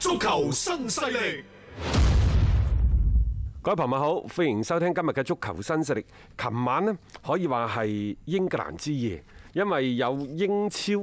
足球新勢力，各位朋友好，歡迎收聽今日嘅足球新勢力。琴晚呢可以話係英格蘭之夜，因為有英超。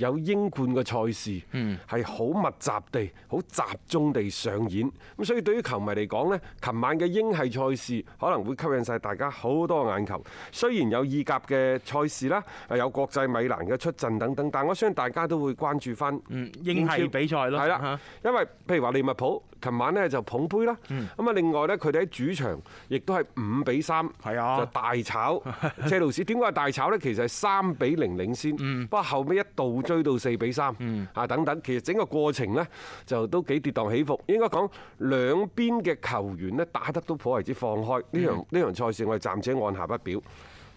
有英冠嘅賽事，係好密集地、好集中地上演。咁所以對於球迷嚟講呢，琴晚嘅英系賽事可能會吸引晒大家好多眼球。雖然有意甲嘅賽事啦，有國際米蘭嘅出陣等等，但我相信大家都會關注返英系比賽咯。係啦，因為譬如話利物浦。琴晚呢就捧杯啦，咁啊另外呢，佢哋喺主場亦都係五比三，是的 就大炒車路 士。點解大炒呢？其實係三比零領先，不過後尾一度追到四比三啊等等，其實整個過程呢，就都幾跌宕起伏。應該講兩邊嘅球員呢打得都頗為之放開。呢場呢場賽事我哋暫且按下不表。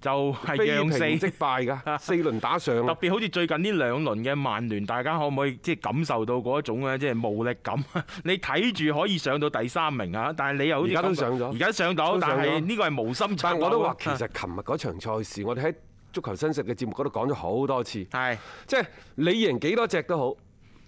就係四即敗噶， 四輪打上。 特別好似最近呢兩輪嘅曼聯，大家可唔可以即係感受到嗰一種咧，即係無力感？ 你睇住可以上到第三名啊，但係你又好似而家都上咗，而家上到，上但係呢個係無心但我都話，其實琴日嗰場賽事， 我哋喺足球新勢力嘅節目嗰度講咗好多次。係，即係你贏幾多隻都好，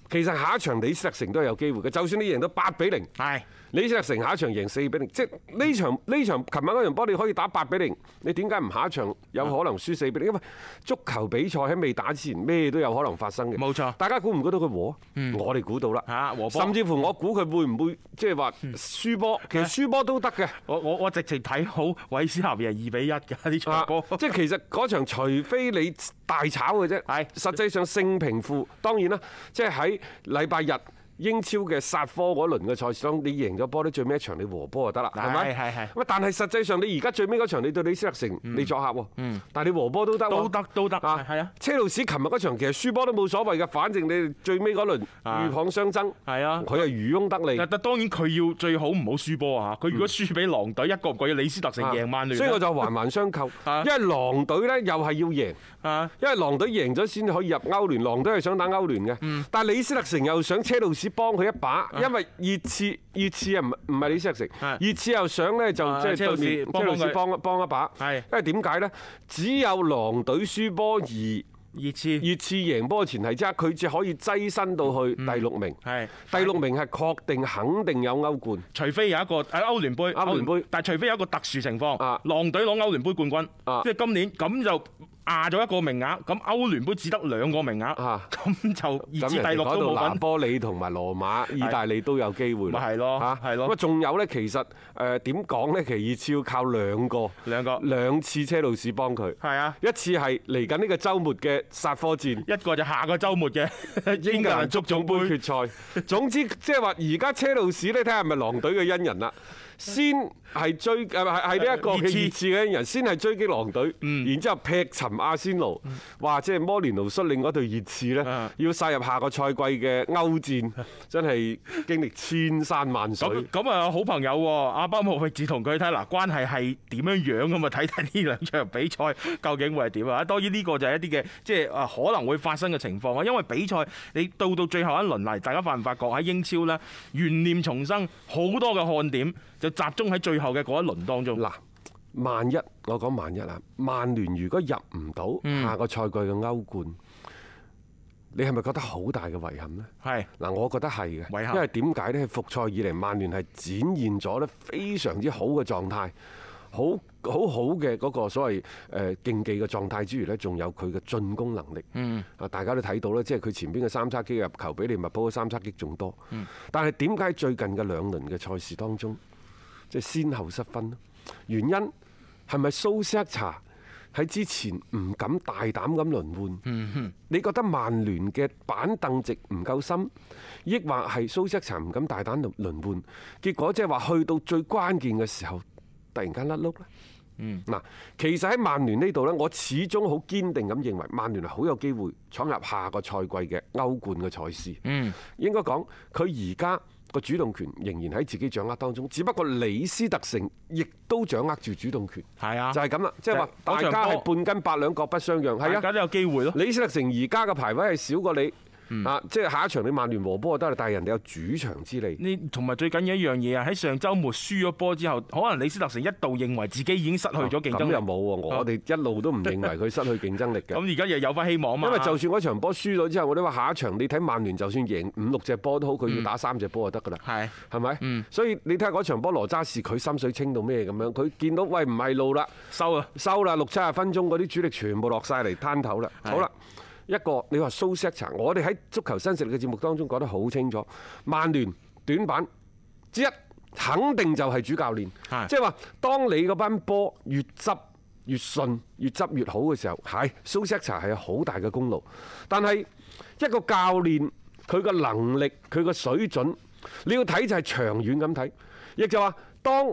其實下一場你實成都係有機會嘅。就算你贏到八比零，係。你成下一場贏四比零，即係呢場呢場琴晚嗰場波你可以打八比零，你點解唔下一場有可能輸四比零？因為足球比賽喺未打之前咩都有可能發生嘅。冇沒錯，大家估唔估到佢和？嗯、我哋估到啦。嚇、啊，和波。甚至乎我估佢會唔會即係話輸波？嗯、其實輸波都得嘅。我我我直情睇好韋斯咸贏二比一㗎呢場波。即係其實嗰場除非你大炒嘅啫。係， 實際上勝平負當然啦，即係喺禮拜日。英超嘅煞科嗰輪嘅賽事中，你贏咗波，你最尾一場你和波就得啦，係咪？係係咁，但係實際上你而家最尾嗰場，你對李斯特城你作客喎，但係你和波都得。都得都得。係啊，車路士琴日嗰場其實輸波都冇所謂嘅，反正你最尾嗰輪鷸蚌相爭，係啊，佢係漁翁得利。但當然佢要最好唔好輸波啊，佢如果輸俾狼隊一個唔覺意，李斯特城贏翻你。所以我就環環相扣，因為狼隊咧又係要贏，因為狼隊贏咗先可以入歐聯，狼隊係想打歐聯嘅，但係李斯特城又想車路士，幫佢一把，因為熱刺，熱刺啊唔唔係你識食，熱刺又想咧就即係對面，即係車老師幫車老師幫，幫一把。係是，因為點解咧？只有狼隊輸波而熱刺熱刺贏波嘅前提之下，佢只可以擠身到去第六名。係、嗯，第六名係確定肯定有歐冠，除非有一個誒歐聯杯，歐聯杯，聯歐但係除非有一個特殊情況，是狼隊攞歐聯杯冠軍，即係是今年咁就。下咗一個名額，咁歐聯杯只得兩個名額，咁就二至第六都冇拿波里同埋羅馬、意大利都有機會。咪係咯，嚇係咯。咁仲有咧，其實誒點講咧？其二次要靠兩個，兩個兩次車路士幫佢。係啊，一次係嚟緊呢個周末嘅殺科戰，一個就下個周末嘅英格蘭足總杯決賽。總之即係話而家車路士咧，睇下係咪狼隊嘅恩人啦。先。係追係係呢一個熱刺嘅人，先係追擊狼隊，嗯、然之後劈沉阿仙奴，哇！即係摩連奴率領嗰隊熱刺咧，嗯、要殺入下個賽季嘅歐戰，嗯、真係經歷千山萬水。咁啊、嗯嗯嗯，好朋友阿包莫力，志同佢睇嗱，關係係點樣樣咁啊？睇睇呢兩場比賽究竟會係點啊？當然呢個就係一啲嘅即係啊可能會發生嘅情況啊，因為比賽你到到最後一輪嚟，大家有有發唔發覺喺英超咧懸念重生，好多嘅看點就集中喺最。後嘅嗰一輪當中，嗱，萬一我講萬一啦，曼聯如果入唔到下個賽季嘅歐冠，嗯，你係咪覺得好大嘅遺憾呢？係嗱，我覺得係嘅，遺憾，因為點解呢？複賽以嚟，曼聯係展現咗呢非常之好嘅狀態，好好好嘅嗰個所謂誒競技嘅狀態之餘呢，仲有佢嘅進攻能力。嗯，啊，大家都睇到呢，即係佢前邊嘅三叉戟入球比利物浦嘅三叉戟仲多。但係點解最近嘅兩輪嘅賽事當中？即係先後失分原因係咪蘇斯克查喺之前唔敢大膽咁輪換？你覺得曼聯嘅板凳席唔夠深，抑或係蘇斯克查唔敢大膽輪換？結果即係話去到最關鍵嘅時候，突然間甩碌呢？嗯，嗱，其實喺曼聯呢度呢，我始終好堅定咁認為，曼聯係好有機會闖入下個賽季嘅歐冠嘅賽事。嗯，應該講佢而家。個主動權仍然喺自己掌握當中，只不過李斯特城亦都掌握住主動權，係啊，就係咁啦，即係話大家係半斤八兩各不相讓，係啊，大家都有機會咯。李斯特城而家嘅排位係少過你。啊！即係下一場你曼聯和波就得啦，但係人哋有主場之利。你同埋最緊要一樣嘢啊！喺上週末輸咗波之後，可能李斯特城一度認為自己已經失去咗競爭力。又冇喎，我哋一路都唔認為佢失去競爭力嘅。咁而家又有翻希望嘛。因為就算嗰場波輸咗之後，我哋話下一場你睇曼聯，就算贏五六隻波都好，佢要打三隻波就得噶啦。係係咪？嗯。所以你睇下嗰場波羅渣士，佢心水清到咩咁樣？佢見到喂唔係路啦，收啦收啦，六七十分鐘嗰啲主力全部落晒嚟攤頭啦。好啦。一個你話蘇斯茶，我哋喺足球新勢力嘅節目當中講得好清楚，曼聯短板之一肯定就係主教練，即係話當你嗰班波越執越順，越執越好嘅時候，係蘇斯茶係好大嘅功勞。但係一個教練佢嘅能力佢嘅水準，你要睇就係長遠咁睇，亦就話當。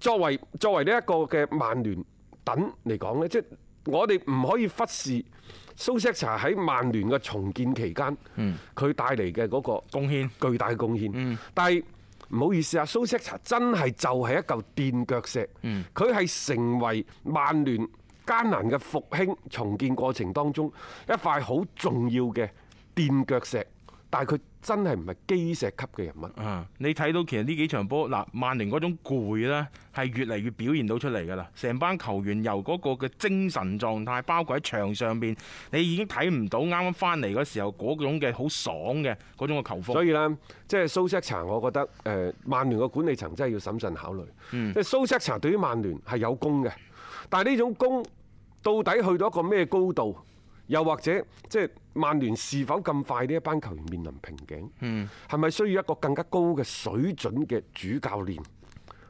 作為作為呢一個嘅曼聯等嚟講呢，即係我哋唔可以忽視蘇斯查喺曼聯嘅重建期間，佢、嗯、帶嚟嘅嗰個貢獻巨大嘅貢獻。嗯、但係唔好意思啊，蘇斯查真係就係一嚿墊腳石，佢係、嗯、成為曼聯艱難嘅復興重建過程當中一塊好重要嘅墊腳石。但係佢真係唔係基石級嘅人物。啊、嗯，你睇到其實呢幾場波嗱，曼聯嗰種攰咧係越嚟越表現到出嚟㗎啦。成班球員由嗰個嘅精神狀態，包括喺場上邊，你已經睇唔到啱啱翻嚟嗰時候嗰種嘅好爽嘅嗰種嘅球風。所以呢，即係蘇斯克查我覺得誒，曼聯嘅管理層真係要審慎考慮。即係蘇斯、嗯、克查對於曼聯係有功嘅，但係呢種功到底去到一個咩高度？又或者即係？曼聯是否咁快呢一班球員面臨瓶頸？係咪、嗯、需要一個更加高嘅水準嘅主教練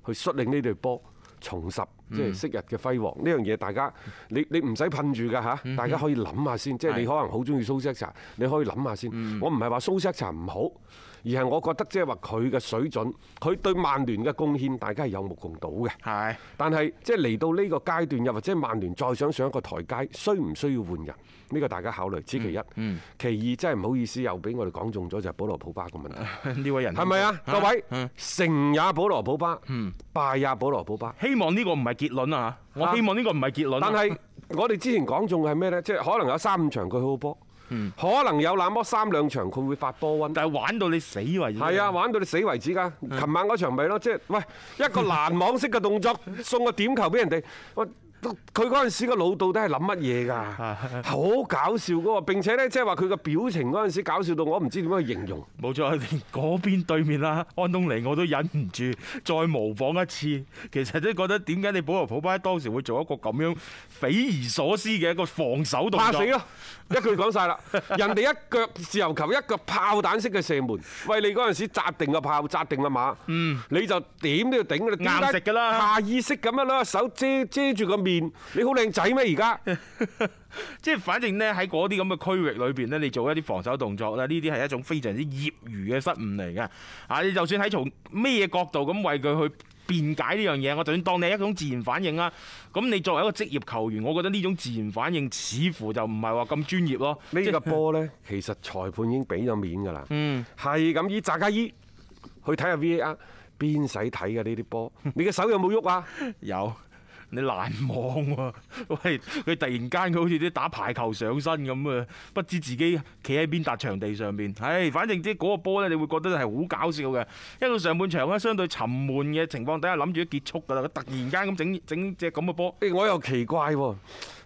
去率領呢隊波重拾、嗯、即係昔日嘅輝煌？呢、嗯、樣嘢大家你你唔使噴住㗎吓，大家可以諗下先。嗯嗯、即係你可能好中意蘇斯克查，你可以諗下先。嗯、我唔係話蘇斯克查唔好。而係我覺得即係話佢嘅水準，佢對曼聯嘅貢獻，大家係有目共睹嘅。係。但係即係嚟到呢個階段又或者曼聯再想上一個台階，需唔需要換人？呢個大家考慮。此其一。其二，真係唔好意思，又俾我哋講中咗就係保羅普巴嘅問題。呢位人。係咪啊？各位，成也保羅普巴。嗯。敗也保羅普巴。希望呢個唔係結論啊！我希望呢個唔係結論。但係我哋之前講中係咩呢？即係可能有三五場佢好波。可能有那麼三兩場佢會發波瘟，但係玩到你死為止。係啊，玩到你死為止㗎。琴晚嗰場咪咯，即係喂一個攔網式嘅動作 送個點球俾人哋。佢嗰陣時個腦到底係諗乜嘢㗎？好 搞笑㗎喎，並且咧即係話佢個表情嗰陣時搞笑到我唔知點樣形容。冇錯，嗰邊對面啦，安東尼我都忍唔住再模仿一次。其實都覺得點解你保羅普巴當時會做一個咁樣匪夷所思嘅一個防守動作？怕死咯！一句講晒啦， 人哋一腳自由球，一腳炮彈式嘅射門，為你嗰陣時扎定個炮，扎定個馬，嗯，你就點都要頂為何 啦，硬食㗎啦，下意識咁樣啦，手遮遮住個。你好靚仔咩？而家即係反正呢，喺嗰啲咁嘅區域裏邊呢，你做一啲防守動作咧，呢啲係一種非常之業餘嘅失誤嚟嘅。啊，你就算喺從咩角度咁為佢去辯解呢樣嘢，我就算當你係一種自然反應啦。咁你作為一個職業球員，我覺得呢種自然反應似乎就唔係話咁專業咯。呢個波呢， 其實裁判已經俾咗面噶啦。嗯，係咁、啊，依扎加伊去睇下 V A R 邊使睇嘅呢啲波，你嘅手有冇喐啊？ 有。你難忘喎、啊，喂！佢突然間佢好似啲打排球上身咁啊，不知自己企喺邊笪場地上面。唉、哎，反正啲嗰個波呢，你會覺得係好搞笑嘅。因為上半場呢，相對沉悶嘅情況底下，諗住都結束噶啦。佢突然間咁整整隻咁嘅波，我又奇怪喎、啊。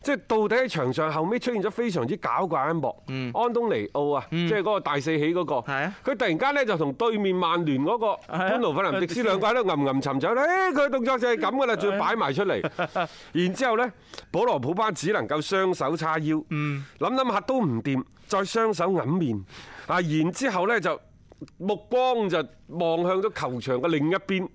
即係到底喺場上後尾出現咗非常之搞怪一幕，嗯、安東尼奧啊，即係嗰個大四喜嗰、嗰個，佢、嗯、突然間咧就同對面曼聯嗰個潘奴費南迪斯、嗯嗯、兩個都吟吟沉沉咧，佢、哎、動作就係咁噶啦，仲、嗯、要擺埋出嚟， 然之後咧，保羅普巴只能夠雙手叉腰，諗諗下都唔掂，再雙手揞面，啊，然之後咧就目光就望向咗球場嘅另一邊，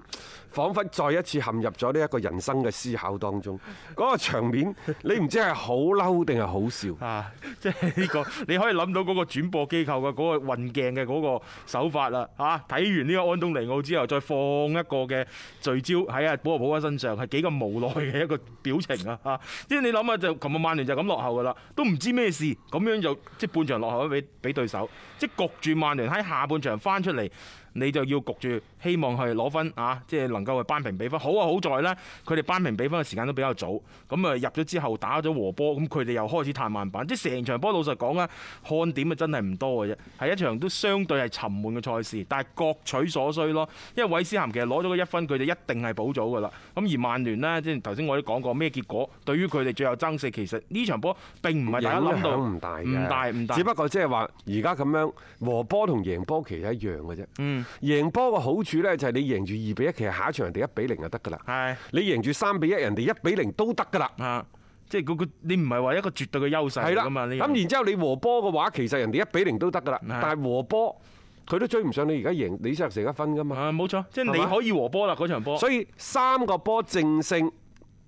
仿佛再一次陷入咗呢一個人生嘅思考當中。嗰、那個場面，你唔知係好嬲定係好笑。啊，即係呢個你可以諗到嗰個轉播機構嘅嗰個運鏡嘅嗰個手法啦。嚇、啊，睇完呢個安東尼奧之後，再放一個嘅聚焦喺阿保羅普巴身上，係幾咁無奈嘅一個表情啊！嚇，即係你諗下，就琴日曼聯就咁落後㗎啦，都唔知咩事，咁樣就即係、就是、半場落後咗俾俾對手，即係焗住曼聯喺下半場翻出嚟。你就要焗住希望係攞分啊，即係能夠去扳平比分。好啊，好在呢，佢哋扳平比分嘅時間都比較早。咁啊入咗之後打咗和波，咁佢哋又開始彈慢板。即係成場波老實講咧，看點啊真係唔多嘅啫，係一場都相對係沉悶嘅賽事。但係各取所需咯，因為韋斯咸其實攞咗個一分，佢就一定係保組㗎啦。咁而曼聯呢，即係頭先我都講過咩結果，對於佢哋最後爭四，其實呢場波並唔係大家諗到唔大，唔大，唔大，唔大。只不過即係話而家咁樣和波同贏波其實一樣嘅啫。嗯。贏波嘅好處呢，就係你贏住二比一，其實下一場人哋一比零就得噶啦。係的你贏住三比一，人哋一比零都得噶啦。即係個你唔係話一個絕對嘅優勢噶嘛？咁的有然之後你和波嘅話，其實人哋一比零都得噶啦。的但係和波佢都追唔上你而家贏李斯特城一分噶嘛？冇錯，即係、就是、你可以和波啦嗰場波。所以三個波正勝，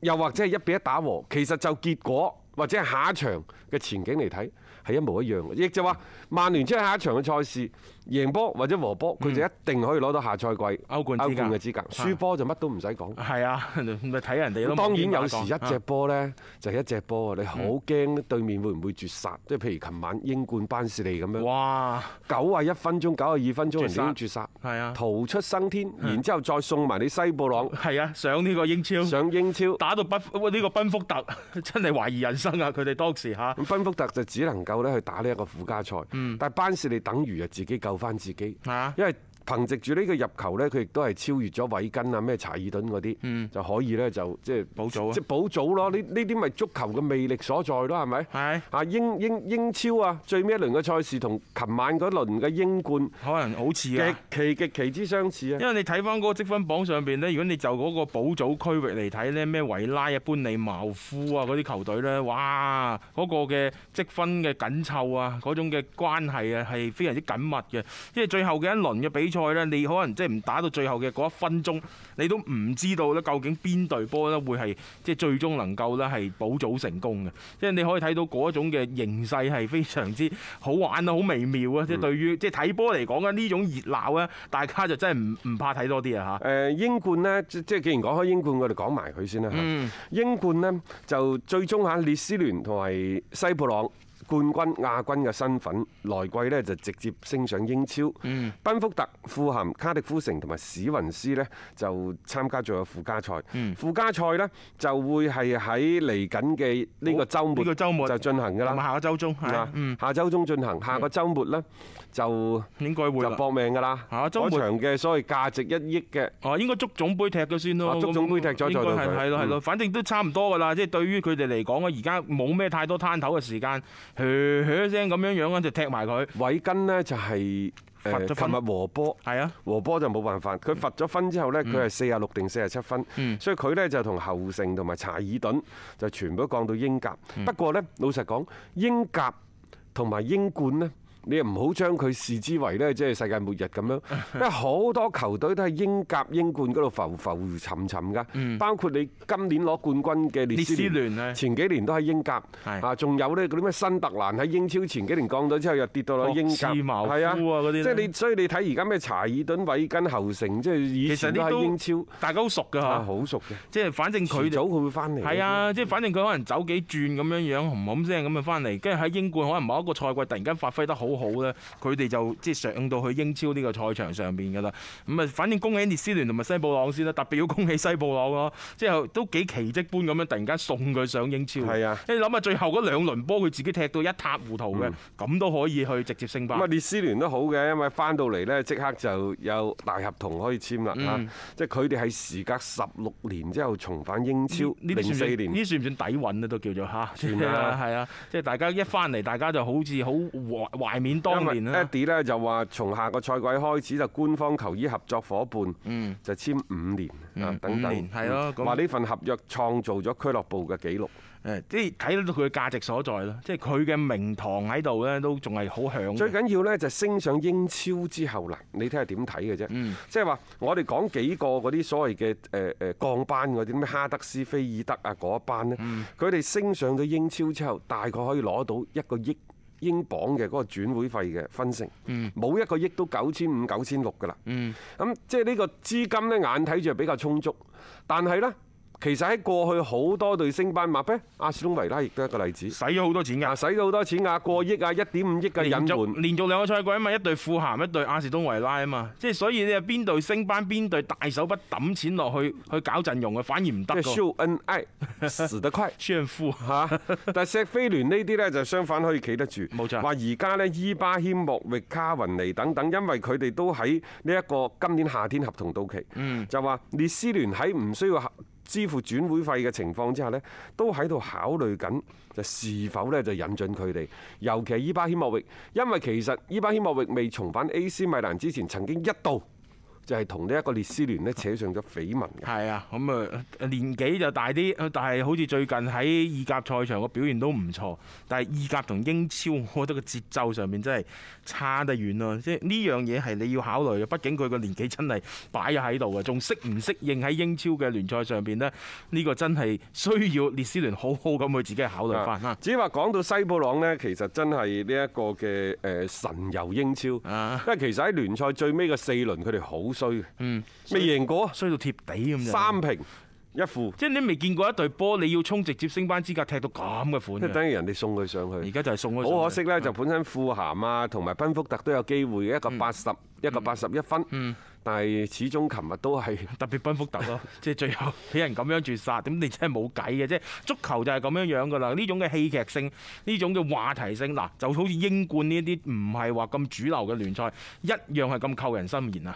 又或者係一比一打和，其實就結果或者係下一場嘅前景嚟睇係一模一樣。亦就話曼聯即係下一場嘅賽事。贏波或者和波，佢就一定可以攞到下賽季歐冠歐冠嘅資格。輸波就乜都唔使講。係啊，咪睇人哋咯。當然有時一隻波呢，就係一隻波啊！你好驚對面會唔會絕殺？即係譬如琴晚英冠班士利咁樣。哇！九啊一分鐘，九啊二分鐘人哋絕殺。係啊，逃出生天，然之後再送埋你西布朗。係啊，上呢個英超。上英超。打到奔呢個奔福特真係懷疑人生啊！佢哋當時嚇。咁奔福特就只能夠呢去打呢一個附加賽。嗯。但係班士利等於係自己救。翻自己，吓，因為。憑藉住呢個入球呢佢亦都係超越咗韋根啊、咩查爾頓嗰啲，嗯、就可以呢就即係保組啊，即係保組咯。呢呢啲咪足球嘅魅力所在咯，係咪？係啊的，英英英超啊，最尾一輪嘅賽事同琴晚嗰輪嘅英冠可能好似啊，極其極其之相似啊！因為你睇翻嗰個積分榜上邊呢，如果你就嗰個保組區域嚟睇呢，咩維拉啊、般尼茅夫啊嗰啲球隊呢，哇，嗰、嗰個嘅積分嘅緊湊啊，嗰種嘅關係啊，係非常之緊密嘅。因為最後嘅一輪嘅比賽。賽咧，你可能即係唔打到最後嘅嗰一分鐘，你都唔知道咧，究竟邊隊波咧會係即係最終能夠咧係保組成功嘅。即係你可以睇到嗰種嘅形勢係非常之好玩啊，好微妙啊、嗯！即係對於即係睇波嚟講咧，呢種熱鬧咧，大家就真係唔唔怕睇多啲啊嚇。誒，英冠呢，即係既然講開英冠，我哋講埋佢先啦嚇。嗯、英冠呢，就最終係列斯聯同埋西布朗，冠軍、亞軍嘅身份，來季呢就直接升上英超。嗯。賓福特、富咸、卡迪夫城同埋史雲斯呢就參加咗個附加賽。附加賽呢就會係喺嚟緊嘅呢個周末，呢個周末就進行㗎啦。下個週中，下週中進行，下個週末呢就應該會就搏命㗎啦。下個週末嗰場嘅所謂價值一億嘅哦，應該足總杯踢咗先咯。足總杯踢咗，應該反正都差唔多㗎啦。即係對於佢哋嚟講咧，而家冇咩太多攤頭嘅時間。噓噓聲咁樣樣咧就踢埋佢。韋根呢就係誒琴日和波，係啊是的 和波就冇辦法。佢罰咗分之後呢，佢係四十六定四十七分，嗯、所以佢呢就同侯城同埋查爾頓就全部降到英甲。不過呢，老實講，英甲同埋英冠呢。你又唔好將佢視之為咧，即係世界末日咁樣。因為好多球隊都喺英甲、英冠嗰度浮浮沉沉噶，包括你今年攞冠軍嘅列斯聯，斯聯前幾年都喺英甲。啊，仲有呢嗰啲咩新特蘭喺英超前幾年降咗之後又跌到落英甲，係啊，即係你，所以你睇而家咩查爾頓、韋根、侯城，即係以前都喺英超，大家都熟噶。好熟嘅，即係反正佢早佢會翻嚟。係啊，即係反正佢可能走幾轉咁樣樣，唔冇聲咁樣翻嚟，跟住喺英冠可能某一個賽季突然間發揮得好。好咧，佢哋就即係上到去英超呢個賽場上邊噶啦。咁啊，反正恭喜列斯聯同埋西布朗先啦，特別要恭喜西布朗咯，即係都幾奇蹟般咁樣，突然間送佢上英超。係啊，你諗下最後嗰兩輪波，佢自己踢到一塌糊塗嘅，咁都可以去直接升班，嗯。列斯聯都好嘅，因為翻到嚟呢，即刻就有大合同可以簽啦。即係佢哋係時隔十六年之後重返英超，零四年呢算唔算底蘊咧？都叫做吓，係啊，係啊，即係 大家一翻嚟，大家就好似好懷懷。懷懷當年因為 Eddie 咧就話，從下個賽季開始就官方球衣合作夥伴，就簽五年啊，等等。係咯，話呢份合約創造咗俱樂部嘅紀錄。誒，即係睇得到佢嘅價值所在咯，即係佢嘅名堂喺度咧，都仲係好響。最緊要咧就升上英超之後啦，你睇下點睇嘅啫。即係話，我哋講幾個嗰啲所謂嘅誒誒降班嗰啲咩哈德斯菲爾德啊嗰一班咧，佢哋、嗯、升上咗英超之後，大概可以攞到一個億。英鎊嘅嗰個轉會費嘅分成，冇、嗯、一個億都九千五九千六㗎啦。咁、嗯、即係呢個資金咧，眼睇住係比較充足，但係呢。其實喺過去好多隊升班馬嘅，阿士東維拉亦都一個例子，使咗好多錢噶，使咗好多錢噶，過億啊，一點五億嘅隱瞞連，連續兩個賽季啊嘛，一隊富咸，一隊阿士東維拉啊嘛，即係所以你邊隊升班，邊隊大手筆抌錢落去去搞陣容啊，反而唔得嘅。即係 show 恩愛，死得快，炫富嚇。但係錫菲聯呢啲咧就相反可以企得住，冇錯。話而家呢，伊巴謙莫域、卡雲尼等等，因為佢哋都喺呢一個今年夏天合同到期，嗯，就話列斯聯喺唔需要支付轉會費嘅情況之下咧，都喺度考慮緊就是否咧就引進佢哋，尤其係伊巴謙莫域，因為其實伊巴謙莫域未重返 AC 米蘭之前，曾經一度。就係同呢一個列斯聯咧扯上咗緋聞。係啊，咁啊年紀就大啲，但係好似最近喺意甲賽場個表現都唔錯。但係意甲同英超，我覺得個節奏上面真係差得遠咯。即係呢樣嘢係你要考慮嘅，畢竟佢個年紀真係擺咗喺度啊，仲適唔適應喺英超嘅聯賽上邊呢？呢、呢個真係需要列斯聯好好咁去自己考慮翻啦。至於話講到西布朗呢，其實真係呢一個嘅誒神遊英超，因為其實喺聯賽最尾嘅四輪，佢哋好。衰嘅，壞嗯、未贏過，衰到貼地咁。三平一負，即係你未見過一隊波，你要衝直接升班資格，踢到咁嘅款，即係等於人哋送佢上去。而家就係送佢上去，好可惜咧，嗯、就本身富咸啊，同埋賓福特都有機會嘅一個八十一個八十一分，嗯、但係始終琴日都係特別賓福特咯，即係 最後俾人咁樣絕殺，點你真係冇計嘅，即係足球就係咁樣樣㗎啦。呢種嘅戲劇性，呢種嘅話題性，嗱就好似英冠呢啲唔係話咁主流嘅聯賽一樣係咁扣人心弦啊！